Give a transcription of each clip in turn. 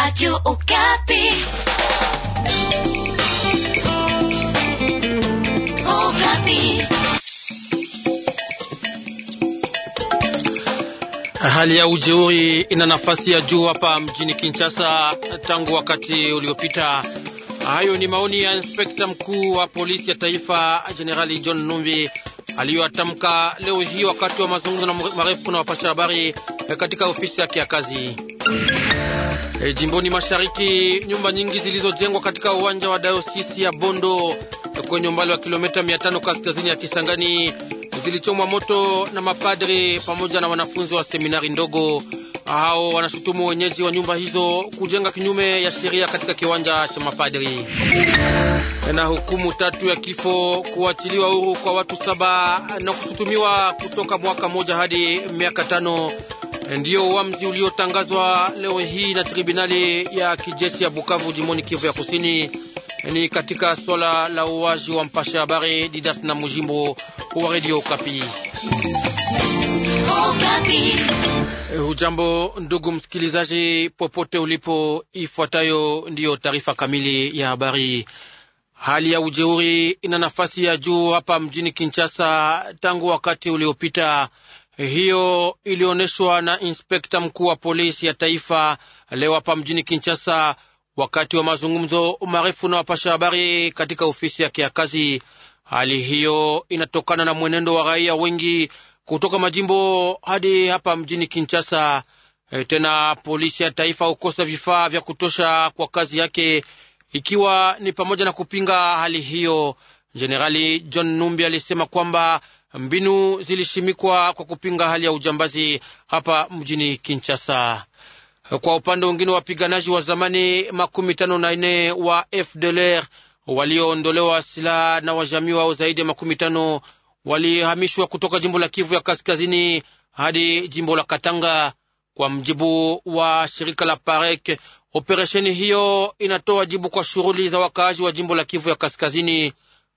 Radio Okapi. Okapi. Hali ya ujeuri ina nafasi ya juu hapa mjini Kinshasa tangu wakati uliopita. Hayo ni maoni ya inspekta mkuu wa polisi ya taifa Jenerali John Numbi aliyoatamka leo hii wakati wa mazungumzo marefu na wapasha habari katika ofisi yake ya kazi. E, jimboni mashariki nyumba nyingi zilizojengwa katika uwanja wa dayosisi ya Bondo kwenye umbali wa kilomita 500 kaskazini ya Kisangani zilichomwa moto na mapadri pamoja na wanafunzi wa seminari ndogo. Hao wanashutumu wenyeji wa nyumba hizo kujenga kinyume ya sheria katika kiwanja cha mapadri. Na hukumu tatu ya kifo, kuachiliwa huru kwa watu saba na kushutumiwa kutoka mwaka moja hadi miaka tano Ndiyo uamuzi uliotangazwa leo hii na tribunali ya kijeshi ya Bukavu jimoni Kivu ya Kusini, ni katika swala la uwaji wa mpasha habari Didas na Mujimbo wa Radio Kapi. E, hujambo ndugu msikilizaji, popote ulipo, ifuatayo ndiyo taarifa kamili ya habari. Hali ya ujeuri ina nafasi ya juu hapa mjini Kinshasa tangu wakati uliopita hiyo ilionyeshwa na inspekta mkuu wa polisi ya taifa leo hapa mjini Kinshasa wakati wa mazungumzo marefu na wapasha habari katika ofisi yake ya kazi. Hali hiyo inatokana na mwenendo wa raia wengi kutoka majimbo hadi hapa mjini Kinshasa. E, tena polisi ya taifa hukosa vifaa vya kutosha kwa kazi yake, ikiwa ni pamoja na kupinga hali hiyo. Jenerali John Numbi alisema kwamba mbinu zilishimikwa kwa kupinga hali ya ujambazi hapa mjini Kinshasa. Kwa upande wengine, wapiganaji wa zamani makumi tano na nne wa FDLR walioondolewa silaha na wajamii wao zaidi ya makumi tano walihamishwa kutoka jimbo la Kivu ya kaskazini hadi jimbo la Katanga kwa mjibu wa shirika la Parek. Operesheni hiyo inatoa jibu kwa shughuli za wakaaji wa jimbo la Kivu ya kaskazini.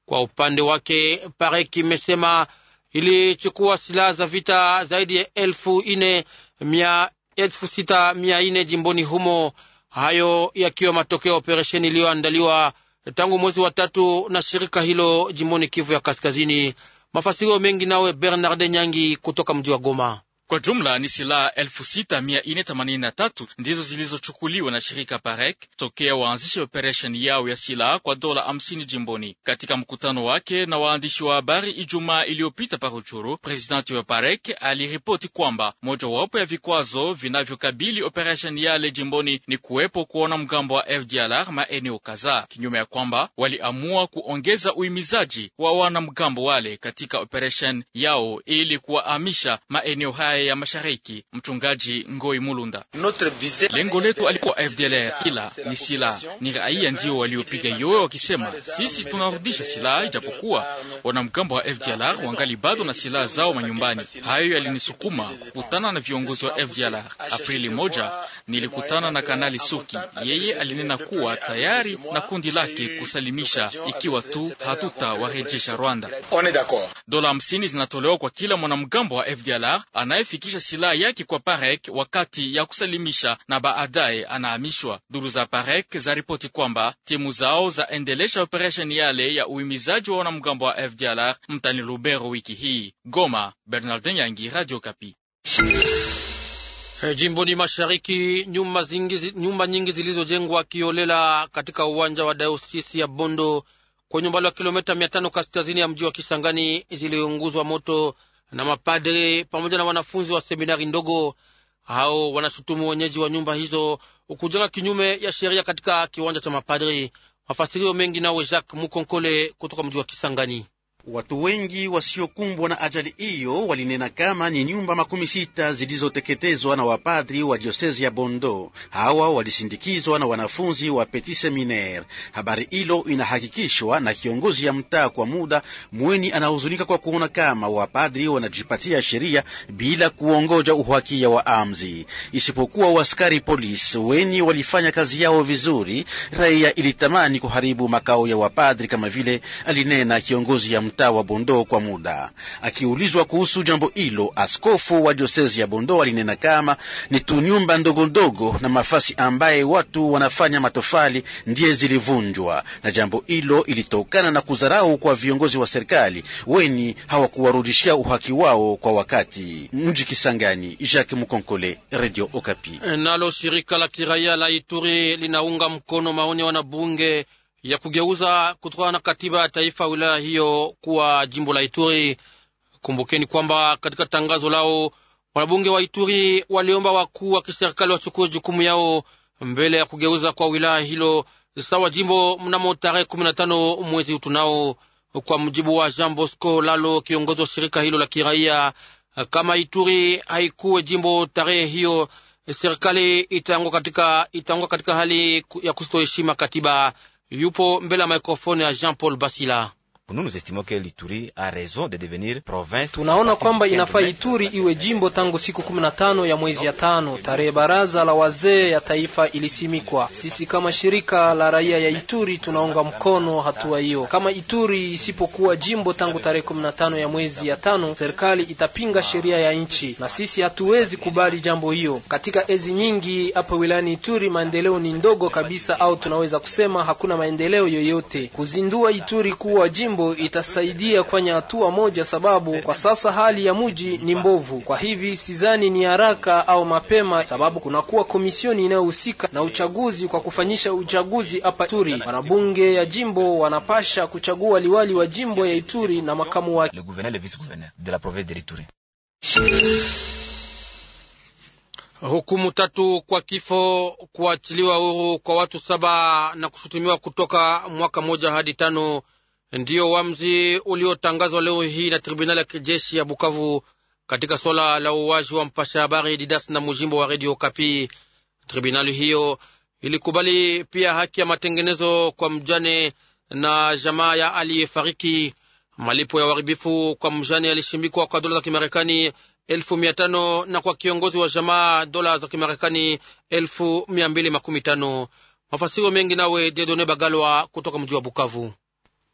Kwa upande wake Parek imesema ilichukua silaha za vita zaidi ya elfu ine mia elfu sita mia ine jimboni humo, hayo yakiwa matokeo ya operesheni iliyoandaliwa tangu mwezi wa tatu na shirika hilo jimboni Kivu ya Kaskazini. Mafasirio mengi nawe Bernarde Nyangi kutoka mji wa Goma. Kwa jumla ni silaha 6483 ndizo zilizochukuliwa na shirika Parek tokea waanzishe operesheni yao ya silaha kwa dola 50 jimboni. Katika mkutano wake na waandishi wa habari Ijumaa iliyopita Paruchuru, presidenti wa Parek aliripoti kwamba mojawapo ya vikwazo vinavyokabili operesheni yale jimboni ni kuwepo kuona mgambo wa FDLR maeneo kadhaa, kinyume ya kwamba waliamua kuongeza uimizaji wa wanamgambo wale katika operesheni yao ili kuwahamisha maeneo haya ya Mashariki, mchungaji Ngoi Mulunda. Lengo letu alikuwa FDLR, ila ni silaha, ni raia ndio waliopiga yowe wakisema, sisi tunarudisha silaha, ijapokuwa wanamgambo wa FDLR wangali bado na silaha zao manyumbani. Hayo yalinisukuma kukutana na viongozi wa FDLR Aprili moja Nilikutana na Kanali Suki, yeye alinena kuwa tayari na kundi lake kusalimisha ikiwa tu hatutawarejesha Rwanda. Dola hamsini zinatolewa kwa kila mwanamgambo wa FDLR anayefikisha silaha yake kwa PAREK wakati ya kusalimisha na baadaye anahamishwa. Duru za PAREK za ripoti kwamba timu zao zaendelesha operesheni yale ya uhimizaji wa wanamgambo wa FDLR mtani Lubero wiki hii. Goma, Bernardin Yangi, Radio Kapi. E, jimboni mashariki nyumba, zingizi, nyumba nyingi zilizojengwa kiolela katika uwanja wa dayosisi ya Bondo kwenye umbali wa kilomita mia tano kaskazini ya mji wa Kisangani ziliunguzwa moto na mapadre pamoja na wanafunzi wa seminari ndogo. Hao wanashutumu wenyeji wa nyumba hizo kujenga kinyume ya sheria katika kiwanja cha mapadri. Mafasirio mengi nawe Jacques Mukonkole kutoka mji wa Kisangani. Watu wengi wasiokumbwa na ajali hiyo walinena kama ni nyumba makumi sita zilizoteketezwa na wapadri wa diosezi ya Bondo. Hawa walisindikizwa na wanafunzi wa Petit Seminaire. Habari hilo inahakikishwa na kiongozi ya mtaa kwa muda mweni, anahuzunika kwa kuona kama wapadri wanajipatia sheria bila kuongoja uhakia wa amzi, isipokuwa waskari polisi wenye walifanya kazi yao vizuri. Raia ilitamani kuharibu makao ya wapadri kama vile alinena kiongozi ya mtaa mtaa wa Bondo kwa muda. Akiulizwa kuhusu jambo hilo, askofu wa diosezi ya Bondo alinena kama ni tunyumba ndogondogo na mafasi ambaye watu wanafanya matofali ndiye zilivunjwa, na jambo hilo ilitokana na kudharau kwa viongozi wa serikali weni hawakuwarudishia uhaki wao kwa wakati. Mji Kisangani, Jacques Mukonkole, Radio Okapi. Nalo shirika la kiraia la Ituri linaunga mkono maoni wanabunge ya kugeuza kutokana na katiba ya taifa wilaya hiyo kuwa jimbo la Ituri. Kumbukeni kwamba katika tangazo lao wanabunge wa Ituri waliomba wakuu wa kiserikali wachukue jukumu yao mbele ya kugeuza kwa wilaya hilo sawa jimbo mnamo tarehe 15 mwezi utunao, kwa mujibu wa Jean Bosco Lalo, kiongozi wa shirika hilo la kiraia. Kama Ituri haikuwe jimbo tarehe hiyo, serikali itaangua katika, itaangua katika hali ya kutoheshima katiba yupo mbele ya maikrofoni ya Jean Paul Basila que l'Ituri a raison de devenir province. Tunaona kwamba inafaa Ituri iwe jimbo tangu siku 15 ya mwezi ya tano, tarehe baraza la wazee ya taifa ilisimikwa. Sisi kama shirika la raia ya Ituri tunaunga mkono hatua hiyo. Kama Ituri isipokuwa jimbo tangu tarehe 15 ya mwezi ya tano, serikali itapinga sheria ya nchi na sisi hatuwezi kubali jambo hiyo. Katika ezi nyingi hapa wilayani Ituri maendeleo ni ndogo kabisa, au tunaweza kusema hakuna maendeleo yoyote. Kuzindua Ituri kuwa jimbo jimbo itasaidia kwenye hatua moja, sababu kwa sasa hali ya muji ni mbovu. Kwa hivi sidhani ni haraka au mapema, sababu kunakuwa komisioni inayohusika na uchaguzi kwa kufanyisha uchaguzi hapa Ituri. Wanabunge ya jimbo wanapasha kuchagua liwali wa jimbo ya Ituri na makamu wake. Hukumu tatu kwa kifo, kuachiliwa huru kwa watu saba na kushutumiwa kutoka mwaka moja hadi tano Ndiyo wamzi uliotangazwa leo hii na tribunali ya kijeshi ya Bukavu katika swala la uwaji wa mpasha habari Didas na Mujimbo wa redio Kapi. Tribunali hiyo ilikubali pia haki ya matengenezo kwa mjane na jamaa ya aliyefariki, malipo ya uharibifu kwa mjane yalishimbikwa kwa dola za Kimarekani elfu mia tano na kwa kiongozi wa jamaa dola za Kimarekani elfu mia mbili makumi tano. Mafasiro mengi nawe Dedone Bagalwa kutoka mji wa Bukavu.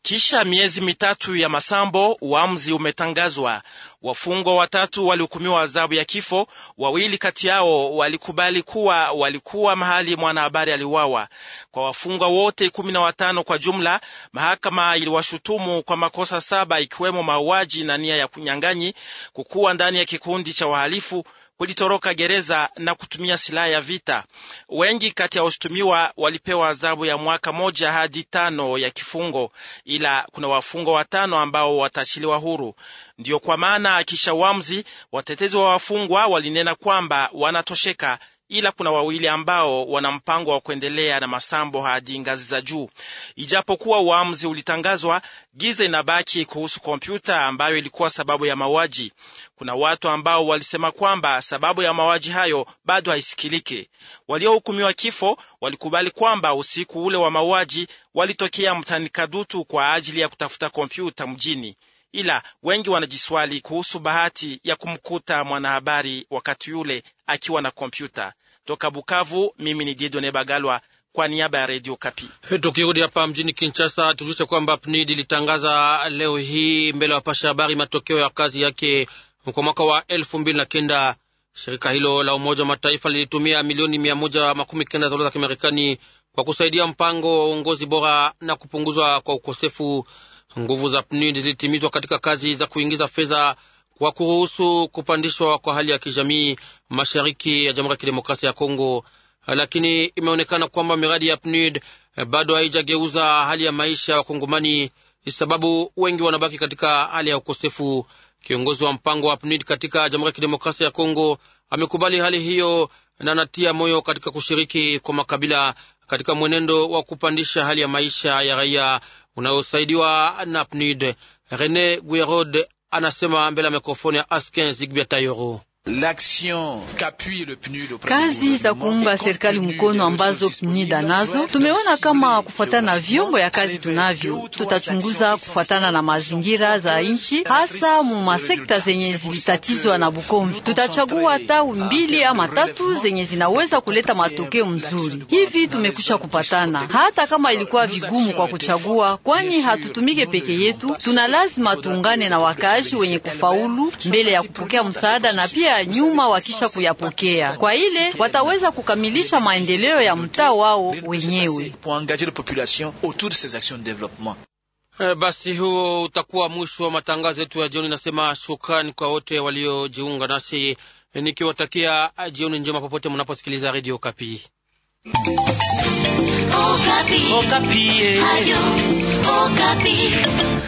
Kisha miezi mitatu ya masambo, uamuzi umetangazwa. Wafungwa watatu walihukumiwa adhabu ya kifo. Wawili kati yao walikubali kuwa walikuwa mahali mwanahabari aliuawa. Kwa wafungwa wote kumi na watano kwa jumla, mahakama iliwashutumu kwa makosa saba, ikiwemo mauaji na nia ya kunyang'anyi, kukuwa ndani ya kikundi cha wahalifu, kulitoroka gereza na kutumia silaha ya vita. Wengi kati ya washtumiwa walipewa adhabu ya mwaka moja hadi tano ya kifungo, ila kuna wafungwa watano ambao wataachiliwa huru. Ndiyo kwa maana kisha uamuzi, watetezi wa wafungwa walinena kwamba wanatosheka ila kuna wawili ambao wana mpango wa kuendelea na masambo hadi ngazi za juu. Ijapokuwa uamuzi ulitangazwa, giza inabaki kuhusu kompyuta ambayo ilikuwa sababu ya mauaji. Kuna watu ambao walisema kwamba sababu ya mauaji hayo bado haisikiliki. Waliohukumiwa kifo walikubali kwamba usiku ule wa mauaji walitokea mtani Kadutu kwa ajili ya kutafuta kompyuta mjini, ila wengi wanajiswali kuhusu bahati ya kumkuta mwanahabari wakati yule akiwa na kompyuta. Toka Bukavu, mimi ni Didone Bagalwa kwa niaba ya redio Kapi. Tukirudi hapa mjini Kinshasa, tujulishe kwamba PNID ilitangaza leo hii mbele ya wapasha habari matokeo ya kazi yake kwa mwaka wa elfu mbili na kenda. Shirika hilo la Umoja wa Mataifa lilitumia milioni mia moja makumi kenda za dola za Kimarekani kwa kusaidia mpango wa uongozi bora na kupunguzwa kwa ukosefu. Nguvu za PNID zilitimizwa katika kazi za kuingiza fedha wa kuruhusu kupandishwa kwa hali ya kijamii mashariki ya Jamhuri ya Kidemokrasia ya Kongo, lakini imeonekana kwamba miradi ya PNUD eh, bado haijageuza hali ya maisha ya Wakongomani, sababu wengi wanabaki katika hali ya ukosefu. Kiongozi wa mpango wa PNUD katika Jamhuri ya Kidemokrasia ya Kongo amekubali hali hiyo na anatia moyo katika kushiriki kwa makabila katika mwenendo wa kupandisha hali ya maisha ya raia unayosaidiwa na PNUD. Rene Guerod anasema mbele ya mikrofoni ya Asken Zigbia Tayoro. Kazi za kuunga serikali mkono ambazo NIDA nazo tumeona kama kufuatana na vyombo ya kazi tunavyo, tutachunguza kufuatana na mazingira za nchi, hasa mu masekta zenye zilitatizwa na Bukomvi. Tutachagua tau mbili ama tatu zenye zinaweza kuleta matokeo mzuri. Hivi tumekwisha kupatana, hata kama ilikuwa vigumu kwa kuchagua, kwani hatutumike peke yetu. Tuna lazima tuungane na wakaaji wenye kufaulu mbele ya kupokea msaada na pia kurudia nyuma wakisha kuyapokea, kwa ile wataweza kukamilisha maendeleo ya mtaa wao wenyewe. Eh, basi huo utakuwa mwisho wa matangazo yetu ya jioni. Nasema shukrani kwa wote waliojiunga nasi, eh, nikiwatakia eh, jioni njema popote mnaposikiliza Radio Kapi. Okapi. Okapi. Okapi.